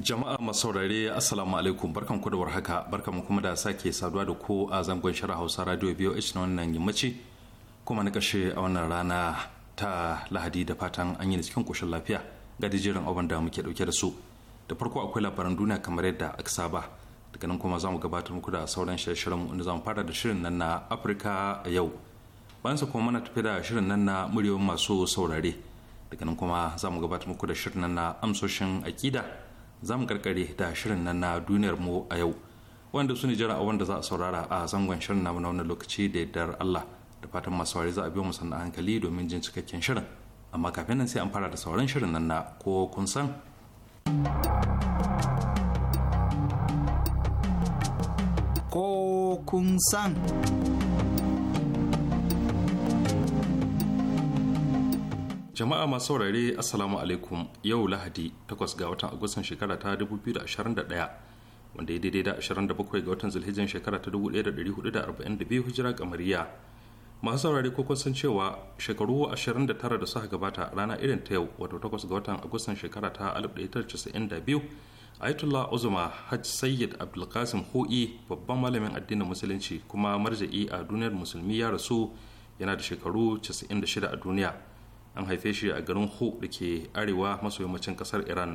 Jama'a masaurare Assalamu alaikum barkan ku da warhaka barkan mu kuma da sake saduwa da ku a zangon shirin Hausa Radio BOH na wannan yammaci kuma na kashe a wannan rana ta Lahadi da fatan an yi da cikin koshin lafiya ga jiran abin da muke dauke da su da farko akwai labaran duniya kamar yadda aka saba daga nan kuma za mu gabatar muku da sauran shirye-shiryen inda za mu fara da shirin nan na Afirka a yau bayan sa kuma mana tafi da shirin nan na muryoyin masu saurare daga nan kuma za mu gabatar muku da shirin nan na amsoshin akida za mu karkare da shirin nan na duniyar mu a yau wanda su jira a wanda za a saurara a zangon shirin namu na wani lokaci da yardar Allah da fatan masu saurari za a biyo mu sannan hankali domin jin cikakken shirin amma kafin nan sai an fara da sauran shirin nan na ko kun san ko kun san jama'a masu saurare assalamu alaikum yau lahadi 8 ga watan agustan shekara ta 2021 wanda ya daidai da 27 ga watan zulhijjan shekara ta 1442 hijira kamariya masu saurare ko san cewa shekaru 29 da suka gabata rana irin ta yau wato 8 ga watan agustan shekara ta 1992 ayatollah uzuma hajj sayyid abdulkasim ho'i babban malamin addinin musulunci kuma marja'i a duniyar musulmi ya rasu yana da shekaru 96 a duniya an haife shi a garin hu da ke arewa maso yammacin kasar iran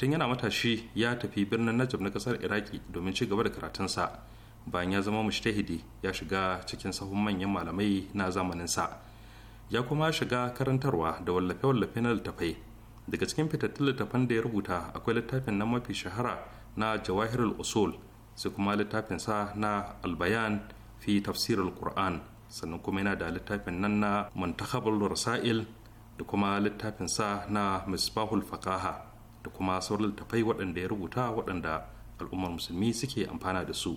tun yana matashi ya tafi birnin najab na kasar iraki domin ci gaba da karatunsa bayan ya zama mushtahidi ya shiga cikin sahun manyan malamai na zamaninsa ya kuma shiga karantarwa da wallafe-wallafe na littafai daga cikin fitattun littafan da ya rubuta akwai littafin na mafi shahara na jawahirul usul sai kuma littafinsa na albayan fi tafsirul qur'an sannan kuma yana da littafin nan na muntakhabul rasail da kuma littafin sa na misbahul faqaha da kuma sauran littafai waɗanda ya rubuta waɗanda al'ummar musulmi suke amfana da su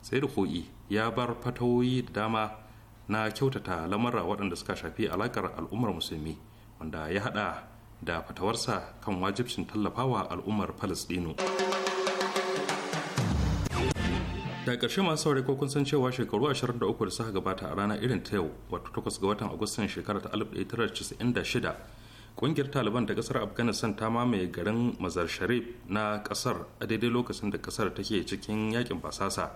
sai da ko'i ya bar fatawoyi da dama na kyautata lamarra waɗanda suka shafi alakar al'ummar musulmi wanda ya haɗa da fatawarsa kan wajibcin tallafawa al'ummar palestino. da ƙarshe masu saurari ko kun san cewa shekaru 23 da suka gabata a ranar irin ta yau wato 8 ga watan agustan shekarar ta 1996 ƙungiyar taliban da kasar afghanistan ta mamaye garin mazar sharif na ƙasar a daidai lokacin da kasar take cikin yakin basasa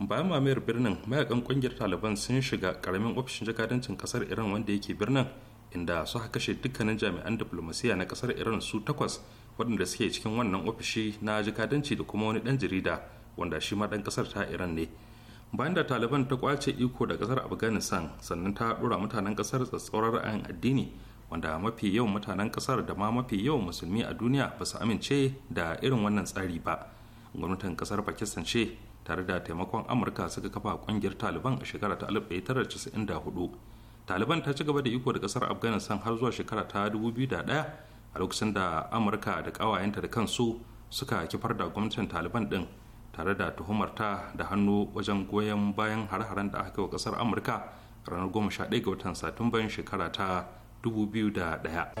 bayan mamayar birnin mayakan ƙungiyar taliban sun shiga karamin ofishin jakadancin kasar iran wanda yake birnin inda suka kashe dukkanin jami'an diplomasiya na kasar iran su takwas waɗanda suke cikin wannan ofishi na jakadanci da kuma wani ɗan jarida wanda shi ma ɗan ƙasar ta iran ne bayan da taliban ta kwace iko da ƙasar afghanistan sannan ta ɗora mutanen ƙasar tsatsauran ra'ayin addini wanda mafi yawan mutanen ƙasar da ma mafi yawan musulmi a duniya ba su amince da irin wannan tsari ba gwamnatin ƙasar pakistan ce tare da taimakon amurka suka kafa ƙungiyar taliban a shekara ta 1994 taliban ta ci gaba da iko da ƙasar afghanistan har zuwa shekara ta da 2001 a lokacin da amurka da ƙawayenta da kansu suka kifar da gwamnatin taliban din tare da tuhumarta da hannu wajen goyon bayan hare-haren da aka kai wa kasar amurka ranar 11 ga watan satumban shekara ta 2001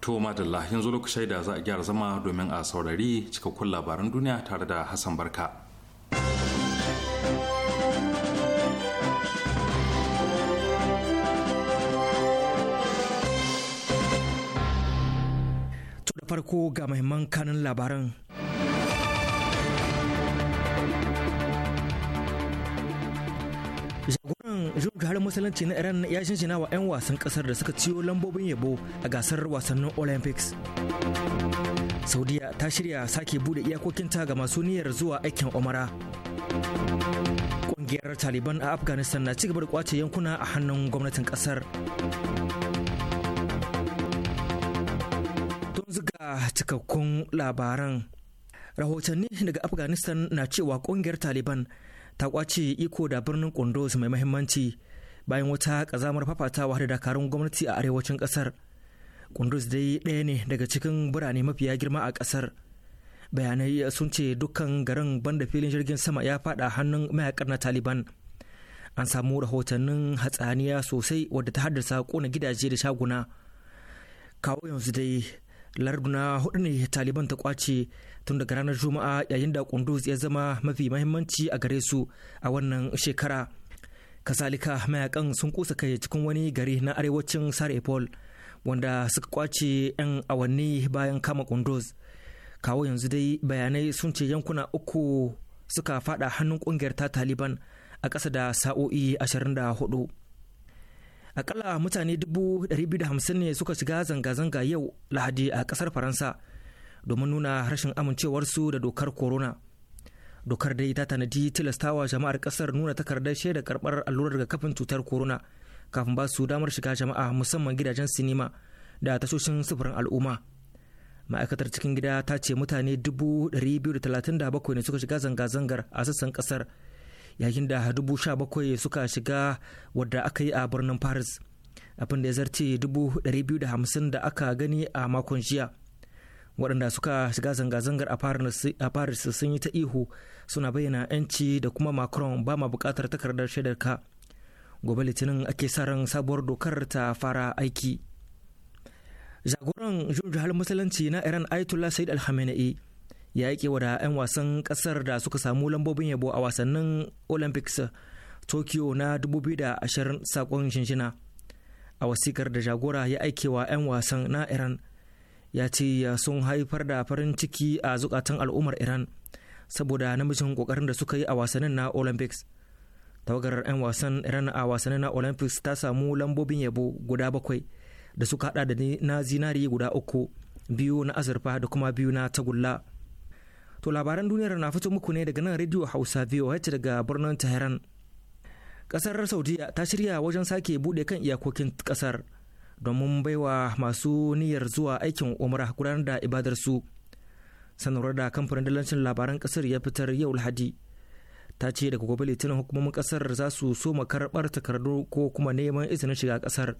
To madalla yanzu lokacin da za a gyara zama domin a saurari cikakkun labaran duniya tare da Hassan Barka. To da farko ga mahimman kanin labaran. Jago musulunci na iran ya shinshina wa 'yan wasan kasar da suka ciyo lambobin yabo a gasar wasannin olympics saudiya ta shirya sake bude iyakokinta ga masu niyyar zuwa aikin umara kungiyar taliban a afghanistan na cigaba da kwace yankuna a hannun gwamnatin kasar tun ziga cikakkun labaran rahotanni daga afghanistan na cewa kungiyar taliban ta kwace iko da birnin kunduz mai mahimmanci bayan wata kazamar fafatawa da dakarun gwamnati a arewacin kasar kunduz dai ɗaya ne daga cikin birane mafiya girma a kasar bayanai sun ce dukkan garin banda filin jirgin sama ya fada hannun mayakar na taliban an samu rahotannin hatsaniya sosai wadda ta haddasa kona gidaje da shaguna kawo yanzu dai larduna hudu ne taliban ta kwace tun daga ranar juma'a yayin da kunduz ya zama mafi mahimmanci a gare su a wannan shekara kasalika mayakan sun kusa kai cikin wani gari na arewacin sarepol wanda suka kwace 'yan awanni bayan kama kunduz kawo yanzu dai bayanai sun ce yankuna uku suka fada hannun kungiyar ta taliban a ƙasa da sa'o'i 24 akalla mutane 250 ne suka shiga zanga-zanga yau lahadi a ƙasar faransa domin nuna rashin amincewarsu da dokar corona. dokar dai ta tanadi tilastawa jama'ar kasar nuna takardar shaidar karbar allurar kafin cutar corona kafin ba su damar shiga jama'a musamman gidajen sinima da tashoshin sufurin al'umma ma'aikatar cikin gida ta ce mutane 237 ne suka shiga zanga-zangar a sassan kasar yayin da 17,000 suka shiga wadda aka yi a birnin paris abin da ya zarce 250 da aka gani a makon jiya waɗanda suka shiga zanga-zangar a paris sun yi ta ihu suna bayyana 'yanci da kuma macron ba ma buƙatar takardar shaidar ka gobe litinin ake sa ran sabuwar dokar ta fara aiki jagoran jihar musulunci na iran ayatollah said al ya yi kewa da 'yan wasan ƙasar da suka samu lambobin yabo a wasannin olympics tokyo na 2020 sakon shinshina a wasikar da jagora ya aikewa 'yan wasan na iran ya ce sun haifar da farin ciki a zukatan al'ummar iran saboda namijin kokarin da suka yi a wasannin na olympics tawagar 'yan wasan iran a wasannin na olympics ta samu lambobin yabo guda bakwai da suka hada da na zinari guda uku biyu na azurfa da kuma biyu na tagulla to labaran duniyar na fito muku ne daga nan radio hausa voh daga birnin tahiran kasar saudiya ta shirya wajen sake bude kan iyakokin kasar domin baiwa masu niyyar zuwa aikin umara gudanar da ibadar su sanarwar da kamfanin dalancin labaran kasar ya fitar yau lahadi ta ce daga gobe litinin hukumomin kasar za su soma karbar takardu ko kuma neman izinin shiga kasar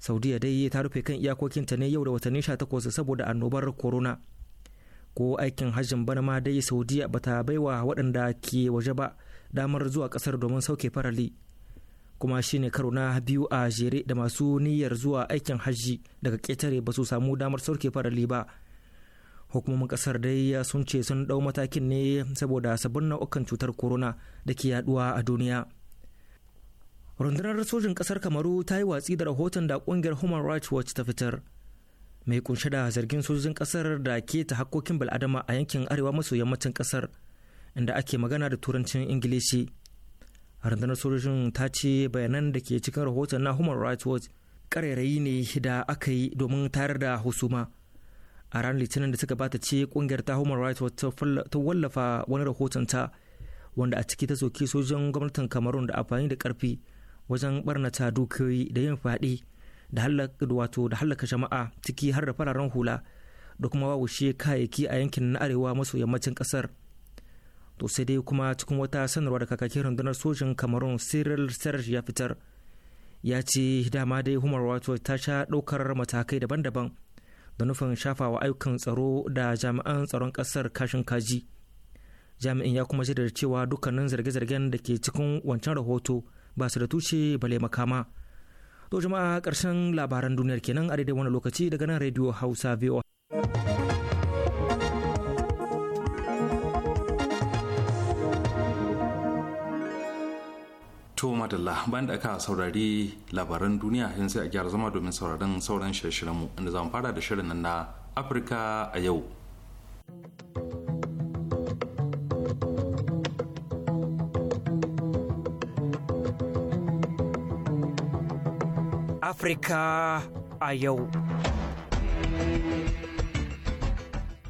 saudiya dai ta rufe kan iyakokin ta ne yau da watanni 18 saboda annobar corona ko aikin hajjin bana ma dai saudiya bata baiwa waɗanda ke waje ba damar zuwa kasar domin sauke farali kuma shine karo na biyu a jere da masu niyyar zuwa aikin hajji daga ƙetare ba su samu damar sauke farali ba hukumomin kasar dai sun ce sun dau matakin ne saboda sabbin nau'ukan cutar corona da ke yaduwa a duniya rundunar sojin kasar kamaru ta yi watsi da rahoton da kungiyar human rights watch ta fitar mai kunshe da zargin sojin kasar da ke ta hakkokin bil'adama a yankin arewa maso yammacin kasar inda ake magana da turancin ingilishi rundunar sojojin ta ce bayanan da ke cikin rahoton na human rights watch ƙarairayi ne da aka yi domin tayar da husuma a ranar litinin da suka bata ce kungiyar ta human rights watch ta wallafa wani rahoton ta wanda a ciki ta soki sojojin gwamnatin cameroon da amfani da karfi wajen barnata dukiyoyi da yin fadi da wato da hallaka jama'a ciki har da fararen hula da kuma wawushe kayayyaki a yankin na arewa maso yammacin kasar to sai dai kuma cikin wata sanarwa da kakakin rundunar sojin kamarun cyril serge ya fitar ya ce dama dai umar wato ta sha ɗaukar matakai daban-daban da nufin shafawa ayyukan tsaro da jami'an tsaron kasar kashin kaji jami'in ya kuma shaidar cewa dukkanin zarge-zargen da ke cikin wancan rahoto ba su da tushe bale makama to jama'a karshen labaran duniyar kenan a daidai wani lokaci daga nan radio hausa voa To madalla bayan da aka saurari labaran duniya yanzu sai a gyara zama domin sauraron sauran shirye-shiryenmu inda zamu fara da shirin nan na Afirka a yau. Afirka a yau.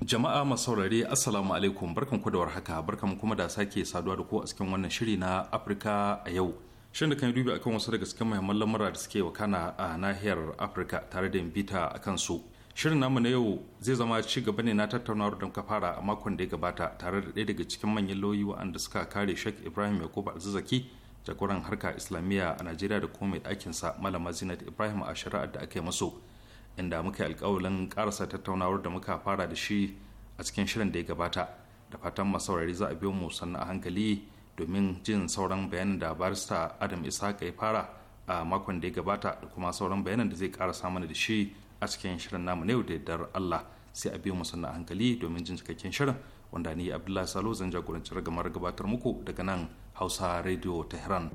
Jama'a masu saurare Assalamu alaikum barkan ku da barkan kuma da sake saduwa da ku a cikin wannan shiri na Afirka a yau. shin da kan dubi akan wasu daga cikin mahimman lamura da suke wakana a nahiyar afirka tare da bita a kan su shirin namu na yau zai zama ci gaba ne na tattaunawar da muka fara a makon da ya gabata tare da ɗaya daga cikin manyan lauyi waɗanda suka kare shek ibrahim yakubu alzizaki jagoran harka islamiyya a najeriya da kuma mai ɗakin sa malama zinat ibrahim a shari'ar da aka yi masu inda muka yi alƙawalin ƙarasa tattaunawar da muka fara da shi a cikin shirin da ya gabata da fatan masaurari za a biyo mu sannan a hankali domin jin sauran bayanin da barista adam isaka ya fara a makon da ya gabata da kuma sauran bayanan da zai kara samun da shi a cikin shirin namu na yau da yardar allah sai a biyu musanna hankali domin jin cikakken shirin wanda ni abdullahi salo zan jagoranci ragamar gabatar muku daga nan hausa radio tehran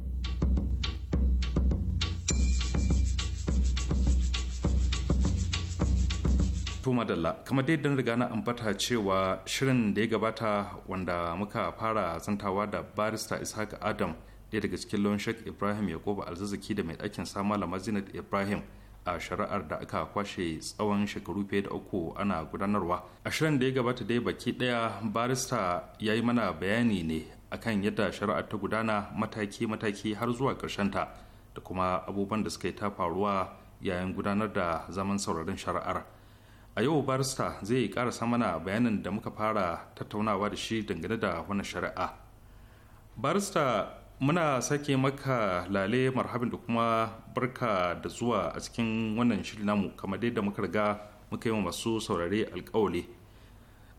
To madalla, kamar dai don riga na ambata cewa shirin da ya gabata wanda muka fara zantawa da barista Ishaq Adam ɗaya daga cikin lawan Sheikh Ibrahim Yakubu Alzazzaki da mai ɗakin sama malama Zinat Ibrahim a shari'ar da aka kwashe tsawon shekaru fiye da uku ana gudanarwa. A shirin da ya gabata dai baki ɗaya barista ya yi mana bayani ne akan yadda shari'ar ta gudana mataki-mataki har zuwa ta da kuma abubuwan da suka yi ta faruwa yayin gudanar da zaman sauraron shari'ar. a yau barista zai karasa mana bayanin da muka fara tattaunawa da shi dangane da wannan shari'a barista muna sake maka lale marhabin da kuma barka da zuwa a cikin wannan shirin namu kamar dai da muka riga muka yi wa masu saurare alkawali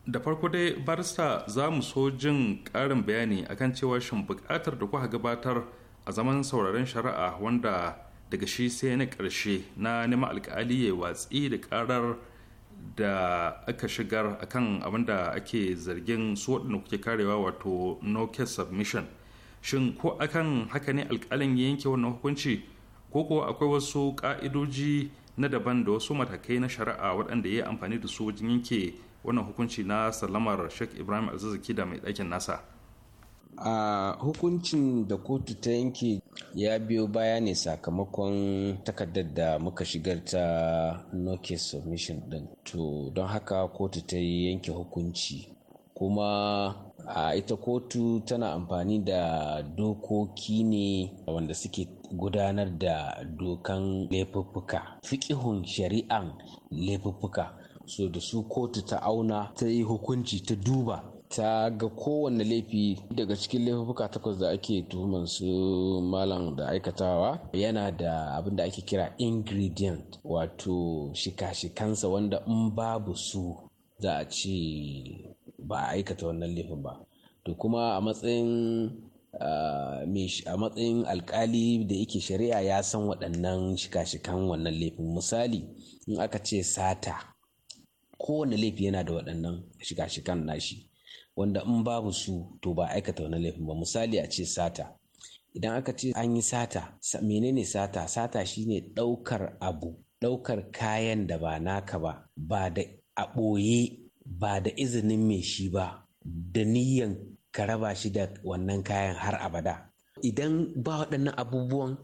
da farko dai barista za mu so jin karin bayani akan cewa shin bukatar da kuka gabatar a zaman sauraren shari'a wanda daga shi sai na ƙarshe na neman alkali ya watsi da ƙarar. da aka shigar akan abin da ake zargin su waɗanda kuke karewa wato no case submission shin ko akan haka ne alƙalin yanke wannan hukunci ko ko akwai wasu ƙa'idoji na daban da wasu matakai na shari'a waɗanda ya yi amfani da su wajen yanke wannan hukunci na salamar sheikh ibrahim azizaki da mai ɗakin nasa a hukuncin da kotu ta yanke ya biyo baya ne sakamakon takardar da muka shigar ta no submission din to don haka kotu ta yanke hukunci kuma a ita kotu tana amfani da dokoki ne wanda suke gudanar da dokan laifuffuka fikihun shari'an laifuffuka so da su kotu ta auna ta yi hukunci ta duba ta ga kowanne laifi daga cikin laifuka takwas da ake tuhumar su malam da aikatawa yana da abin da ake kira ingredient wato shika-shikansa wanda in babu su za a ce ba a aikata wannan laifin ba to kuma a matsayin a matsayin alkali da yake shari'a ya san waɗannan shika-shikan wannan laifin misali in aka ce sata kowane laifi yana da waɗannan shika-shikan nashi wanda in babu su to ba aikata wani laifin ba misali a ce sata idan aka ce an yi sata menene sata sata shine ɗaukar abu ɗaukar kayan da ba naka ba ba da a ba da izinin mai shi ba da niyyan ka raba shi da wannan kayan har abada idan ba waɗannan abubuwan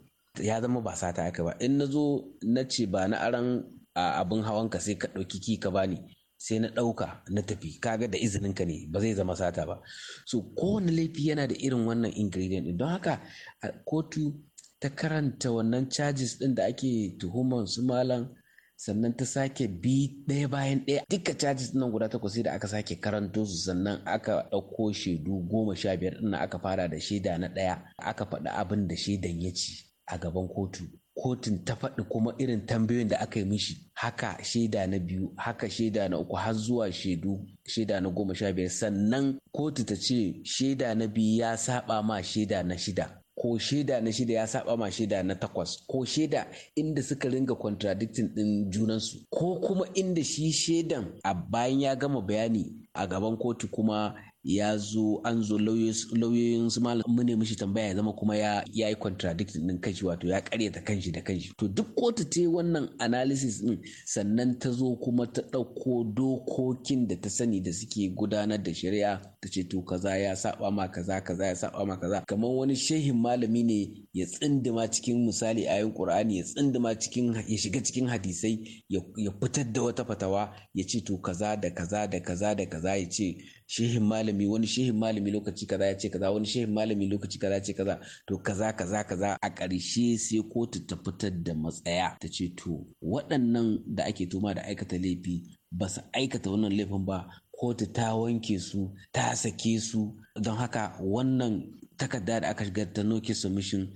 ya zama ba sata aka ba in na zo na ce ba na aran abin hawanka sai ka ɗauki ki ka bani sai na ɗauka na tafi kaga da izinin ka ne ba zai zama sata ba so kowane laifi yana da irin wannan ingredient ɗin? don haka a kotu ta karanta wannan charges ɗin da ake tuhuman su malam sannan ta sake bi ɗaya bayan ɗaya duka charges nan guda takwas sai da aka sake karanto su sannan aka ɗauko shaidu goma sha biyar ɗin aka fara da shaida na ɗaya aka faɗi abin da shaidan ya ci a gaban kotu kotun ta faɗi kuma irin tambayoyin da aka yi mishi haka shaida na biyu haka shaida na uku har zuwa shaidu shaida na goma sha biyar sannan kotu ta ce shaida na biyu ya saba ma shaida na shida ko shaida na shida ya saba ma shaida na takwas ko shaida inda suka ringa contradicting din junansu ko kuma inda shi shaidan a bayan ya gama bayani a gaban kotu kuma ya zo an zo lauyoyin su ma mun ne mishi tambaya ya zama kuma ya yi contradicting din kanshi wato ya karyata kanshi da kanshi to duk kotu ce wannan analysis din sannan ta zo kuma ta ɗauko dokokin da ta sani da suke gudanar da shari'a ta ce to kaza ya saba ma kaza kaza ya saba ma kaza kamar wani shehin malami ne ya tsindima cikin misali ayin qur'ani ya tsindima cikin ya shiga cikin hadisai ya fitar da wata fatawa ya ce to kaza da kaza da kaza da kaza ya ce shehin malami wani shehin malami lokaci kaza ya ce kaza wani shehin malami lokaci kaza ya ce kaza to kaza kaza kaza a ƙarshe sai kotu ta fitar da matsaya ta ce to waɗannan da ake tuma da aikata laifi ba su aikata wannan laifin ba kotu ta wanke su ta sake su don haka wannan takarda da aka shigar ta noke submission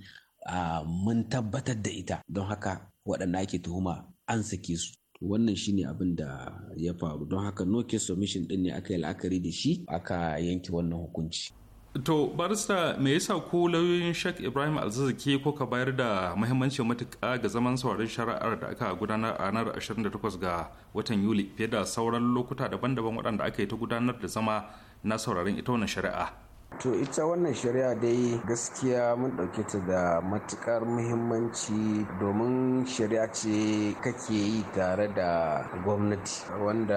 ah, mun tabbatar da ita don haka waɗanda ake tuhuma an sake su wannan shine abin da ya faru don haka no case submission din ne aka yi la'akari da shi aka yanke wannan hukunci To barista me yasa ko lauyoyin Sheikh Ibrahim ko kuka bayar da muhimmanci matuƙa ga zaman sauraron shari'ar da aka gudanar a ranar 28 ga watan Yuli fiye da sauran lokuta daban-daban waɗanda aka yi ta gudanar da zama na sauraron ita wannan shari'a. to ita wannan shari'a dai gaskiya mun ɗauke ta da matukar muhimmanci domin shari'a ce kake yi tare da gwamnati wanda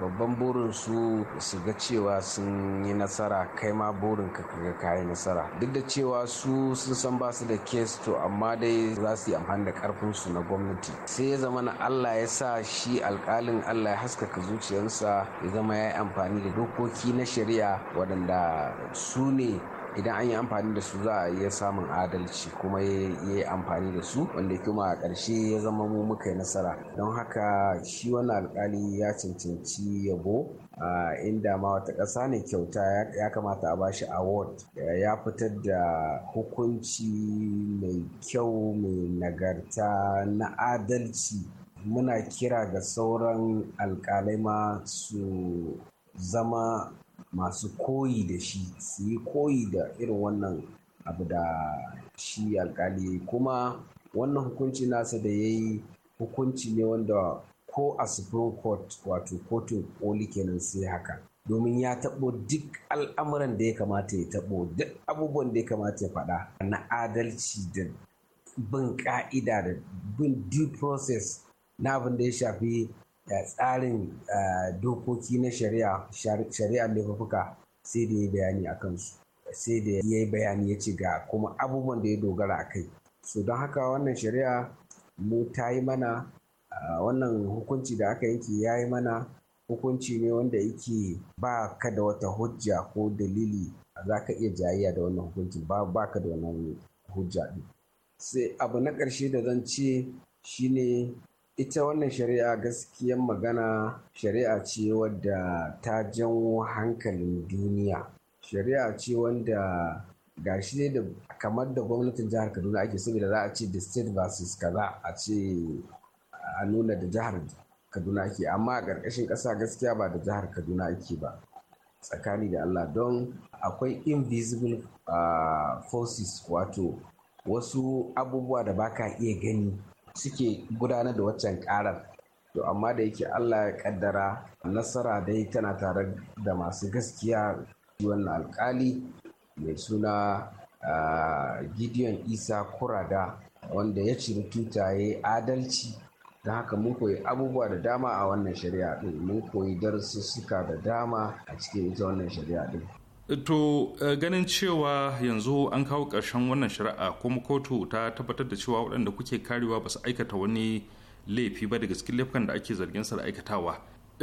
babban burin su su ga cewa sun yi nasara kai ma burin ka ka yi nasara duk da cewa su sun san ba su da kes to amma dai za su yi amfani da karfin su na gwamnati sai ya zama na Allah ya sa shi alkalin Allah ya haskaka zuciyarsa ya zama ya yi amfani da dokoki na shari'a waɗanda su ne idan an yi amfani da su za a iya samun adalci kuma ya yi amfani da su wanda kuma a ƙarshe ya zama mu muka yi nasara don haka shi wani alkali ya cancanci yabo inda ma wata ƙasa ne kyauta ya kamata a bashi award ya fitar da hukunci mai kyau mai nagarta na adalci muna kira ga sauran alkalai ma su zama masu koyi da shi su yi koyi da irin wannan abu da shi alkali kuma wannan hukunci nasa da ya yi hukunci ne wanda ko a supreme court wato kotun koli kenan sai haka domin ya taɓo duk al'amuran da ya kamata ya taɓo duk abubuwan da ya kamata ya faɗa na adalci da bin ƙa'ida da bin due process na abin da ya shafi tsarin eh, dokoki na shari'a shari'a laifuka sai da ya bayani a kansu sai da ya yi bayani ya ci ga kuma abubuwan da ya dogara a kai so don haka wannan shari'a mu ta yi mana eh, wannan hukunci da aka yanke ya yi mana hukunci ne wanda yake ba ka da wata hujja ko dalili za ka iya jayayya da wannan hukuncin ba ka da wannan hujja sai abu na ƙarshe da zan ce shine ita wannan shari'a gaskiyan magana shari'a ce wadda ta janwo hankalin duniya shari'a ce wanda shi ne da kamar da gwamnatin jihar kaduna ake saboda za a ce the state versus kaza a ce a nuna da jihar kaduna ake amma a ƙarƙashin ƙasa gaskiya ba da jihar kaduna ake ba tsakani da allah don akwai invisible uh, forces wato wasu abubuwa da baka iya gani suke gudanar da waccan karar to amma da yake allah ya kaddara nasara dai tana tare da masu gaskiya wannan alkali mai suna gideon isa kurada wanda ya ciri tutaye adalci don haka mun koyi abubuwa da dama a wannan shari'a din mun koyi suka da dama a cikin ita wannan shari'a din to eh, ganin cewa yanzu an kawo ƙarshen wannan shari'a kuma kotu ta tabbatar da cewa waɗanda kuke karewa ba su aikata wani laifi ba daga cikin laifukan da ake zargin su da aikatawa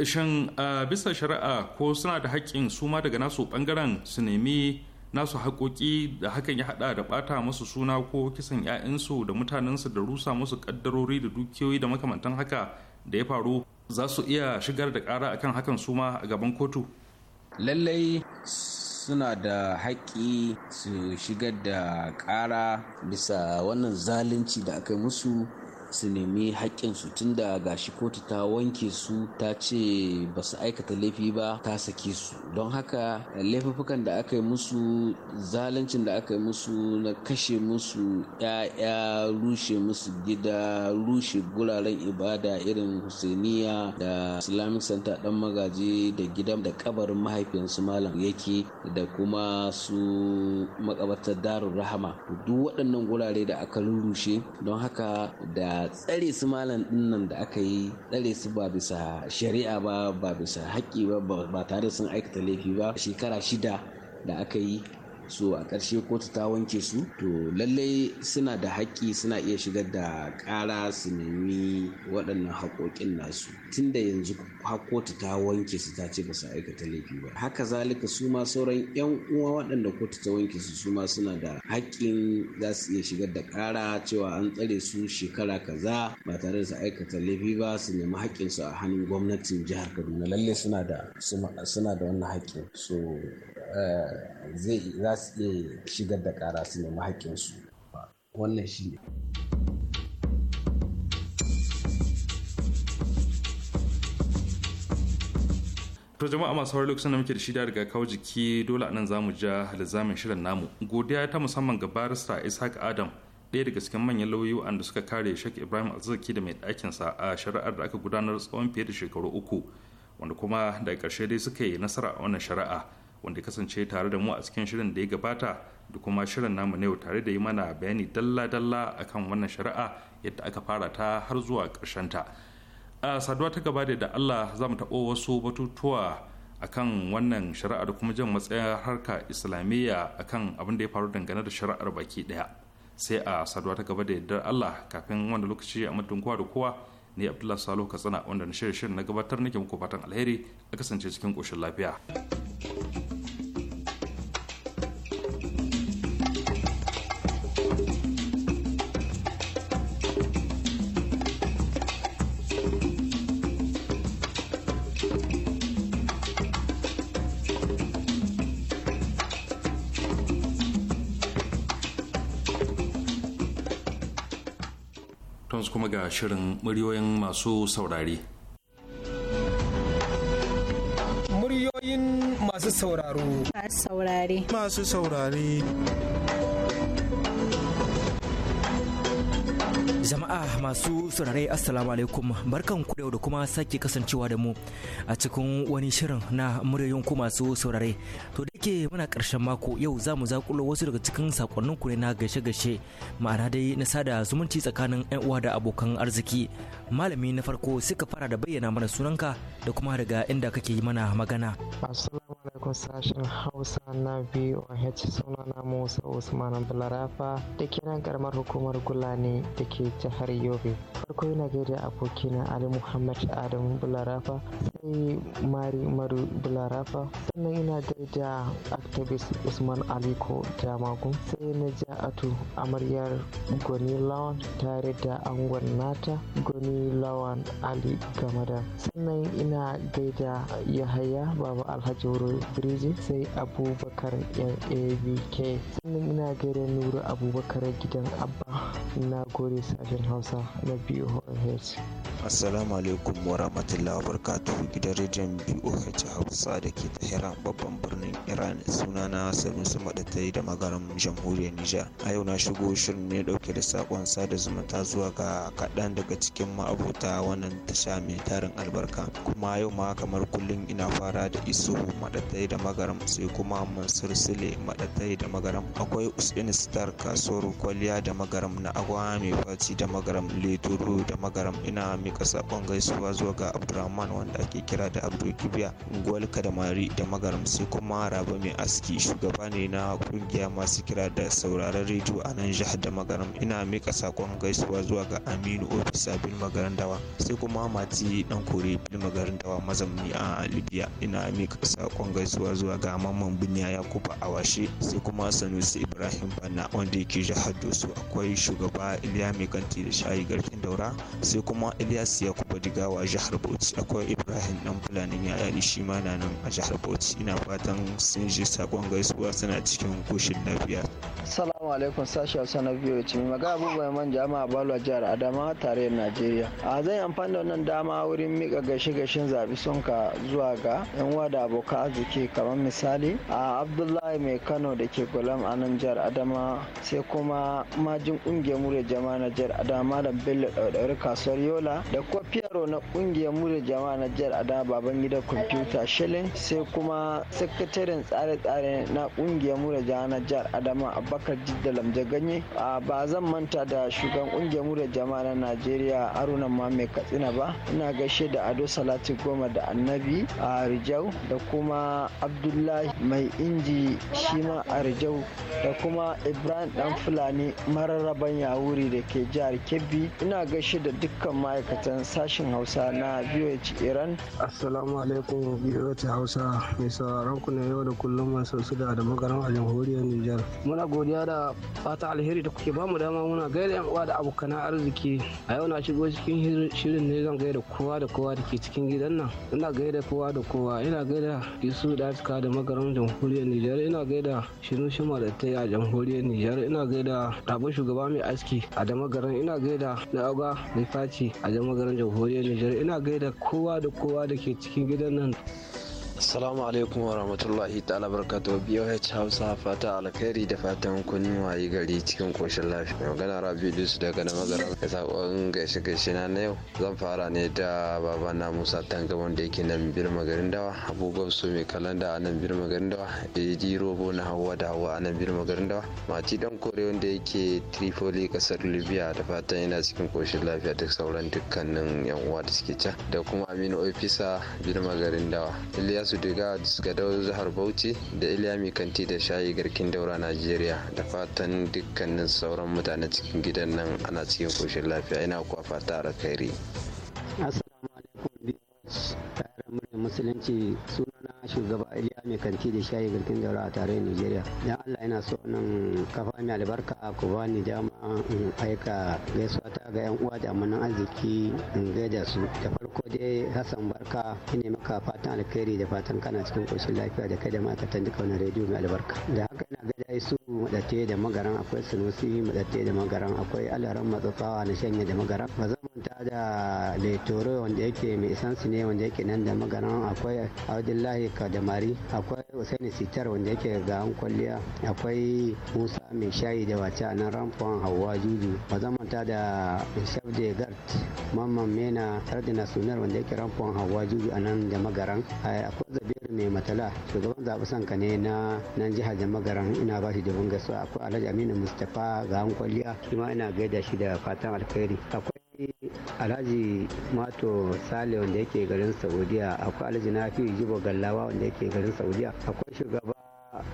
shin a bisa shari'a ko suna da haƙƙin su ma daga nasu ɓangaren su nemi nasu haƙoƙi da hakan ya haɗa da ɓata musu suna ko kisan 'ya'yansu da mutanensu da rusa musu ƙaddarori da dukiyoyi da makamantan haka da ya faru za su iya shigar da ƙara akan hakan su ma a gaban kotu lallai suna da haƙƙi su shigar da ƙara bisa wannan zalunci da aka musu su nemi haƙƙinsu tun da gashi kotu ta wanke su ta ce ba su aikata laifi ba ta sake su don haka laifukan da aka yi musu zaluncin da aka yi musu na kashe musu ya'ya rushe musu gida rushe guraren ibada irin husainiya da islamic center dan magaji da gidan da kabarin mahaifinsu malam yake da kuma su maƙabartar darun rahama duk waɗannan gurare da aka rurrushe don haka da a tsare su malam nan da aka yi tsare su ba bisa shari'a ba ba bisa haƙƙi ba ba tare sun aikata laifi ba shekara shida da aka yi so a ƙarshe kotu ta wanke su to lallai suna da haƙƙi suna iya shigar da ƙara su nemi waɗannan haƙoƙin nasu tun da yanzu kotu ta wanke su ta ce ba su aikata laifi ba haka zalika su ma sauran 'yan uwa waɗanda kotu ta wanke su su ma suna da haƙƙin za su iya shigar da ƙara cewa an tsare su shekara kaza ba tare da su aikata laifi ba su nemi haƙƙin su a hannun gwamnatin jihar kaduna lallai suna da suna da wannan haƙƙin so za su iya shigar da kara su nemi haƙƙinsu wannan shi ne to jama'a masu sauraro lokacin da muke da shi da daga kawo jiki dole a nan zamu ja lizamin shirin namu godiya ta musamman ga barista isaac adam ɗaya daga cikin manyan lauyoyi waɗanda suka kare shek ibrahim azzaki da mai ɗakin sa a shari'ar da aka gudanar tsawon fiye da shekaru uku wanda kuma daga ƙarshe dai suka yi nasara a wannan shari'a wanda kasance tare da mu a cikin shirin da ya gabata da kuma shirin namu na yau tare da yi mana bayani dalla-dalla akan wannan shari'a yadda aka fara ta har zuwa ta a saduwa ta gaba da allah za mu taɓo wasu batutuwa akan wannan shari'a da kuma jan matsayin harka islamiyya akan abin da ya faru dangane da shari'ar baki ɗaya sai a saduwa ta gaba da allah kafin wanda lokaci a madadin kowa da kowa ni abdullahi salo katsina wanda na shirye shirin na gabatar nake muku fatan alheri a kasance cikin koshin lafiya yanzu kuma ga shirin muryoyin masu saurare. Muryoyin masu sauraro. Masu saurare. Masu saurare. Jama'a masu saurare Assalamu alaikum barkan ku da kuma sake kasancewa da mu a cikin wani shirin na muryoyin ku masu saurare. To da yake muna karshen mako yau za mu zakulo wasu daga cikin sakonnin ku ne na gashe-gashe ma'ana dai na sada zumunci tsakanin 'yan uwa da abokan arziki. Malami na farko suka fara da bayyana mana sunanka da kuma daga inda kake yi mana magana. Assalamu alaikum sashen Hausa na VOH sunana Musa Usman Bularafa da nan karamar hukumar Gulani da ke jihar yobe farko yana gaida abokina ali muhammad adamu bularafa sai mari maru bularafa sannan ina gaida activist usman aliko jamagun sai na ja'atu amaryar gwani lawan tare da angon nata gwani lawan ali gamada sannan ina gaida yahaya baba alhaji wuro birji sai abubakar yan abk sannan ina gaida nuru abubakar gidan abba na gode sashen hausa na boh assalamu alaikum wa rahmatullahi gidan rediyon boh hausa da ke tehran babban birnin iran sunana sanusi maɗatai da magaran jamhuriyar nijar a yau na shigo shirin ne ɗauke da sakon sada zumunta zuwa ga kaɗan daga cikin ma'abota wannan tasha mai tarin albarka kuma yau ma kamar kullum ina fara da isuhu maɗatai da magaram sai kuma mansur sule maɗatai da magaram akwai usinistar star kasuwar kwalliya da magaram na agwa mai faci da magaram leturu da magaram ina mika sakon gaisuwa zuwa ga abdurrahman wanda ake kira da abdul kibiya unguwar kadamari da magaram sai kuma raba mai aski shugaba ne na kungiya masu kira da sauraron rediyo a nan jihar da magaram ina mika sakon gaisuwa zuwa ga aminu ofis abin magaran dawa sai kuma mati dan kore bil magaran dawa mazamni a libya ina mika sakon gaisuwa zuwa ga mamman binya yakuba a washe sai kuma sanusi ibrahim bana wanda yake jihar doso akwai shugaba iliya mai da shayi garkin daura sai kuma ilyas kuba digawa jihar bauchi akwai ibrahim dan fulani ya yari shi ma na nan a jihar bauchi ina fatan sun je sakon gaisuwa suna cikin koshin lafiya alaikum sashi Hausa na biyu ce mai magana abubuwan man jama'a Balwa jihar adama tare tarayyar Najeriya. A zan amfani da wannan dama wurin mika gaishe gashin zaɓi sun ka zuwa ga yan uwa da abokan arziki kamar misali a Abdullahi mai Kano da ke Gulam a nan jihar adama sai kuma majin kungiyar mure jama'a na jihar adama da Bello Daudauri kasuwar Yola da kwafiyaro na kungiyar mure jama'a na jihar adama baban gidan kwamfuta Shilin sai kuma sakataren tsare-tsare na kungiyar mure jama'a na jihar Adamawa Abubakar da lamja ganye a ba zan manta da shugan kungiyar mu da jama'a na najeriya haruna Mame katsina ba ina gaishe da ado salati goma da annabi a rijau da kuma abdullahi mai inji shi ma a rijau da kuma ibrahim dan fulani mararraban yawuri da ke jihar kebbi ina gaishe da dukkan ma'aikatan sashen hausa na voh iran assalamu alaikum voh hausa mai sauraron ku na yau da kullum masu su da da magaran a jamhuriyar nijar muna godiya da fata alheri da kuke bamu dama muna gaida yan uwa da abokan arziki a yau na shigo cikin shirin ne zan gaida kowa da kowa da ke cikin gidan nan ina gaida kowa da kowa ina gaida yusuf da aska da magaran jamhuriyar nijar ina gaida shinu shima da ta a jamhuriyar nijar ina gaida rabon shugaba mai aski a da magaran ina gaida da auga mai faci a da magaran jamhuriyar nijar ina gaida kowa da kowa da ke cikin gidan nan Assalamu alaikum wa rahmatullahi ta'ala barkatu BOH Hausa fata alkhairi da fatan kun waye gari cikin koshin lafiya. magana Rabi Yusuf daga da magaran sakon gaishe gaishe na yau. Zan fara ne da baba na Musa Tanga wanda yake nan Birma garin Dawa, abubuwan su mai kalanda a nan Birma garin Dawa, Eji Robo na Hawwa da Hawwa a nan Birma garin Dawa, Mati Dan Kore wanda yake Tripoli kasar Libya da fatan yana cikin koshin lafiya da sauran dukkanin yan uwa da suke can da kuma Aminu Ofisa Birma garin Dawa. Ilyas Ilyasu Diga Gadau Zahar Bauchi da Iliya Kanti da Shayi Garkin Daura Najeriya da fatan dukkanin sauran mutane cikin gidan nan ana cikin koshin lafiya ina kwafa tara kairi. Assalamu alaikum muryar musulunci sunana shugaba iliya mai kanti da shayi garkin daura a tarayyar nigeria dan allah yana so nan kafa mai albarka ku ba ni dama in aika gaisuwa ta ga yan uwa da amanan arziki in gaida su da farko dai hassan barka ina maka fatan alkhairi da fatan kana cikin koshin lafiya da kai da ma'aikatan duka wani rediyo mai albarka da haka yana gaida su madatte da magaran akwai sunusi madatte da magaran akwai alaran matsatsawa na shanye da magaran ba zamanta manta da laitoro wanda yake mai isansu ne wanda yake nan da magana akwai abdullahi kadamari akwai usaini sitar wanda yake ga an kwalliya akwai musa mai shayi da wace a nan ramfon hawa juju ba zan manta da shaf de gart mamman mena sardina sunar wanda yake ramfon hawa juju a nan da magaran akwai zabiru mai matala shugaban zaɓi sanka ne na nan jihar da magaran ina ba shi dubin gaisuwa akwai alhaji aminu mustapha ga an kwalliya shi ma ina gaida shi da fatan alkhairi akwai Eh, alhaji mato sale wanda yake garin saudiya akwai alhaji nafi jibo gallawa wanda yake garin saudiya akwai shugaba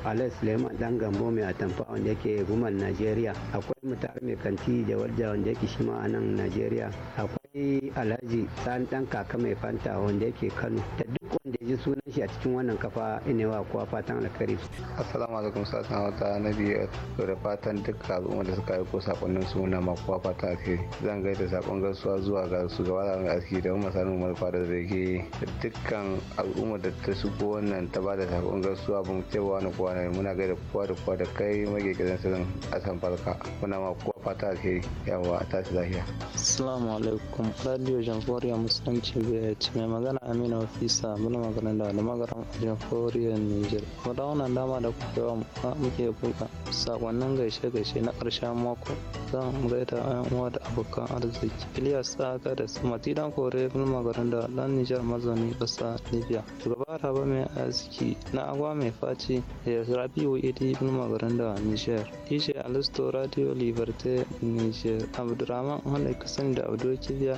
Alex Suleiman dan gambo mai atamfa wanda yake guman Najeriya akwai mutar mai kanti da wadda wanda yake shi ma a nan Najeriya akwai Alhaji Sani dan kaka mai fanta wanda yake Kano da duk da ji sunan shi a cikin wannan kafa ina wa kuwa fatan alkarif assalamu alaikum sassan hauta na biyu da fatan duk al'umma da suka aiko sakonnin suna ma kuwa fatan ke zan gaida sakon gaisuwa zuwa ga su gaba mai aski da kuma sanin mai fada da rage dukkan al'umma da ta shigo wannan ta bada sakon gaisuwa ba mu cewa wani kuwa ne muna gaida kuwa da kuwa da kai mage gidan a san farka muna ma kuwa fata ke yawa a tashi lafiya assalamu alaikum radio jamhuriyar musulunci bai mai magana amina wafisa muna maganin da da magaram a jamhuriyar niger kuma da wannan dama da kuka yawa muke buga sakonnin gaishe gaishe na karshen mako zan gaida yan uwa da abokan arziki ilyas tsaka da matidan dan kore magarin da dan niger mazauni ƙasa libya shugaba raba mai arziki na agwa mai faci da rabiu idi magarin da niger dj alisto radio liberté niger abdurrahman wanda ka sani da abdul kibiya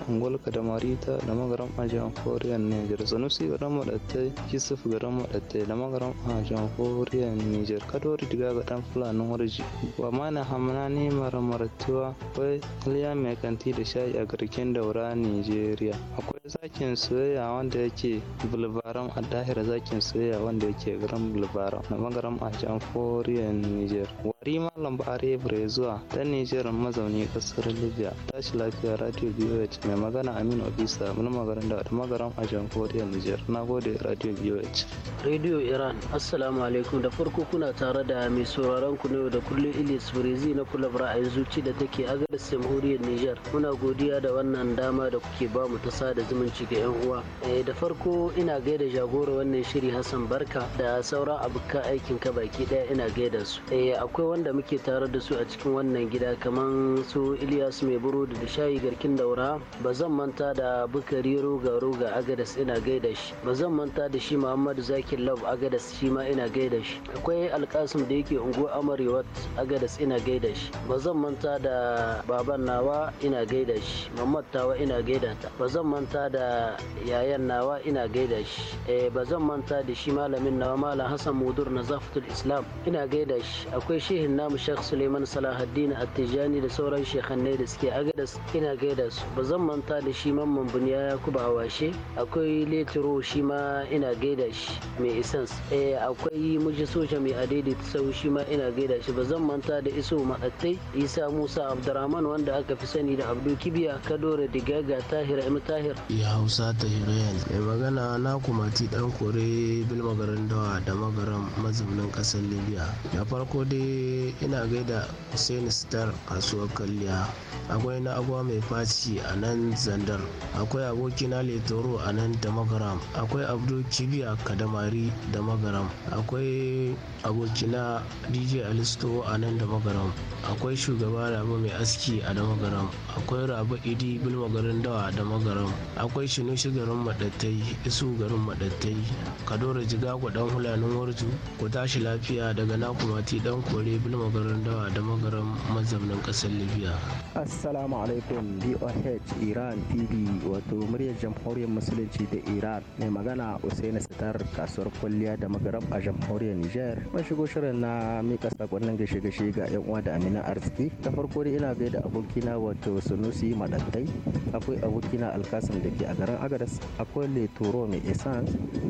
da marita da magaram a jamhuriyar niger sanusi ga ɗan maɗattai yusuf garin maɗattai da magaran a jamhuriyar nijar kadori diga ga dan fulanin warji wa mana hamna ne maratuwa wai aliya mai kanti da shayi a garken daura nijeriya akwai zakin soyayya wanda yake bulbaram a dahira zakin soyayya wanda yake garin bulbaram da magaran a jamhuriyar nijar wari malam bare zuwa dan nijar mazauni kasar libya tashi lafiya radio biyu mai magana aminu obisa mulmagarin da magaran a jamhuriyar nijar na gode da radio voh Radio Iran, Assalamu alaikum da farko kuna tare da mai sauraron ku yau da kullum ilias Firizi na kulab ra'ayin zuci da take agadas jamhuriyar Nijar. Muna godiya da wannan dama da kuke ba mu ta sada zumunci ga 'yan uwa. Eh, da farko ina gaida jagora wannan shiri Hassan Barka da sauran abokan aikin ka baki daya ina gaida su. Eh, akwai wanda muke tare da su a cikin wannan gida kaman su Ilyas Mai Burodi da Shayi Garkin Daura. Ba zan manta da Bukari Roga Roga Agadas ina gaida shi. zan manta da shi muhammadu zakir lab agadas shi ma ina gaida shi akwai alkasim da yake unguwa amarewa agadas ina gaida shi ba zan manta da baban nawa ina gaida shi muhammad tawa ina gaida ta ba zan manta da yayan nawa ina gaida shi eh ba zan manta da shi malamin nawa malam hassan mudur na zafatul islam ina gaida shi akwai shehin namu shekh suleiman salahaddin attijani da sauran shekhanne da suke agadas ina gaida su ba zan manta da shi mamman buniya yakuba washe akwai letiro shi ma ma ina gaida shi mai isans eh akwai muji soja mai adaidaita sau shi ma ina gaida shi ba zan manta da iso maɗattai isa musa abdurrahman wanda aka fi sani da abdul kibiya kadore digaga tahir m tahir ya hausa ta hirayel mai magana na kumati dan kore bil magaran dawa da magaran mazaunin kasar libya da farko dai ina gaida hussein star kasuwar kalliya akwai na agwa mai faci a nan zandar akwai abokina letoro a nan da magaram akwai akwai abdul kibiya kadamari da magaram akwai abokina dj alisto a nan da magaram akwai shugaba rabu mai aski a da magaram akwai rabu idi bilmagarin garin dawa da magaram akwai shinushi garin madattai isu garin madattai kadora jigago dan hulanin warju ku tashi lafiya daga nakumati dan kore bilma garin dawa da magaram mazaunin kasar libya assalamu alaikum doh iran tv wato muryar jamhuriyar musulunci da iran mai magana magana Usaini Sitar kasuwar kwalliya da magarab a jamhuriyar Nijar. mai shigo shirin na mika sakonnin gashe-gashe ga yan uwa da amina arziki. Ta farko dai ina gaida abokina wato Sunusi Madattai, akwai abokina Alkasim da ke a garin Agadas, akwai Leturo mai isan